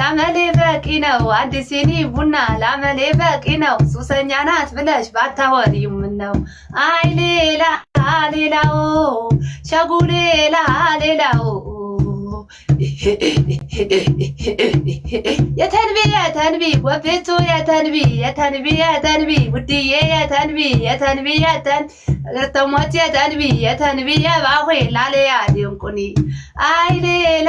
ላመሌ በቂ ነው። አዲስ ሲኒ ቡና ላመሌ በቂ ነው። ሱሰኛ ናት ብለሽ ባታወሪ ምነው? አይ ሌላ ሌላው ሸጉ ሌላ ሌላው የተንቢ የተንቢ ወቤቱ የተንቢ የተንቢ የተንቢ ውድዬ የተንቢ የተንቢ የተን ርተሞች የተንቢ የተንቢ የባሆ ላለያ ድንቁኒ አይ ሌላ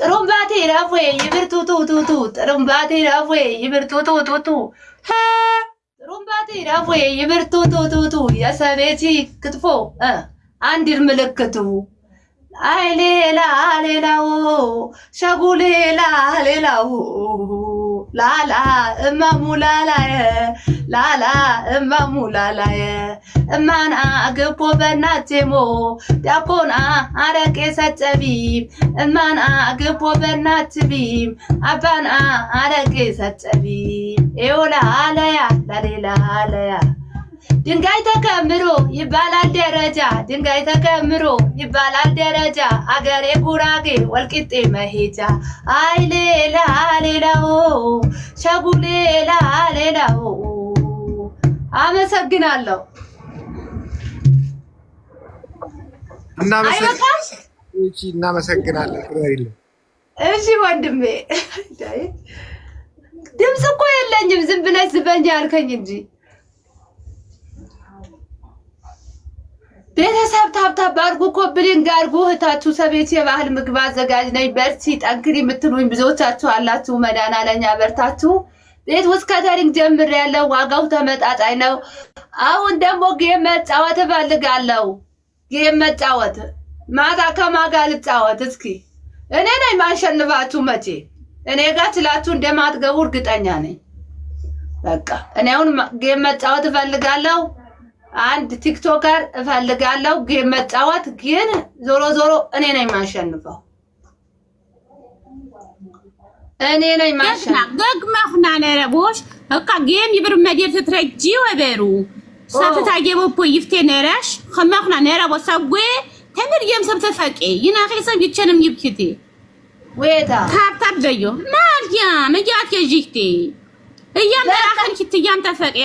ጥሩምባቴ ዳፎ ይብርቱ ቱቱቱ ጥሩምባቴ ዳፎ ይብርቱ ቱቱቱ ጥሩምባቴ ዳፎ ይብርቱ ቱቱቱ የሰቤቲ ክትፎ አንድ ምልክቱ አይ ሌላ ሌላው ሸጉ ሌላ ሌላው ላላ እማሙ ላላየ ላላ እማሙ ላላየ እማና በናቴሞ አረቄ ሰጨቢም እማና ግቦ በናትቢም አባና አረቄ ሰጨቢ ኤዮ ላለያ ድንጋይ ተከምሮ ይባላል ደረጃ ድንጋይ ተከምሮ ይባላል ደረጃ አገሬ ጉራጌ ወልቂጤ መሄጃ አይ ሌላ ሄዳው አመሰግናለሁ። እናመሰግናለን። እሺ ወንድሜ ድምፅ እኮ የለኝም። ዝም ብለሽ ዝበኝ ያልከኝ እንጂ ቤተሰብ ታብታብ አድርጉ፣ ኮብሊንግ አድርጉ። እህታችሁ ሰቤት የባህል ምግብ አዘጋጅ ነኝ። በርቺ ጠንክሪ የምትሉኝ ብዙዎቻችሁ አላችሁ። መዳና ለኛ በርታችሁ ቤት ውስጥ ከተሪንግ ጀምር ያለው ዋጋው ተመጣጣኝ ነው። አሁን ደግሞ ጌም መጫወት እፈልጋለሁ። ጌም መጫወት ማታ ከማጋ ልጫወት እስኪ እኔ ነኝ ማሸንፋችሁ። መቼ እኔ ጋር ችላችሁ እንደማትገቡ እርግጠኛ ነኝ። በቃ እኔ አሁን ጌም መጫወት እፈልጋለሁ። አንድ ቲክቶከር እፈልጋለሁ ጌም መጫወት ግን ዞሮ ዞሮ እኔ ነኝ ማሸንፈው። እኔ ነኝ ማሻ ደግማ ሁና ነረቦሽ እቃ ጌም ይብር መዲር ትትረጂ ወበሩ ሰፍታ ጌም ኦፖ ይፍቴ ነረሽ ከማ ሁና ነረቦ ሰጉ ተምር ጌም ሰብ ተፈቂ ይና ሰብ ይቸንም ይብክቲ ወይታ ታብታብ በዮ ማርያም እያት የጂክቲ እያም ተራኸን ኪት እያም ተፈቂ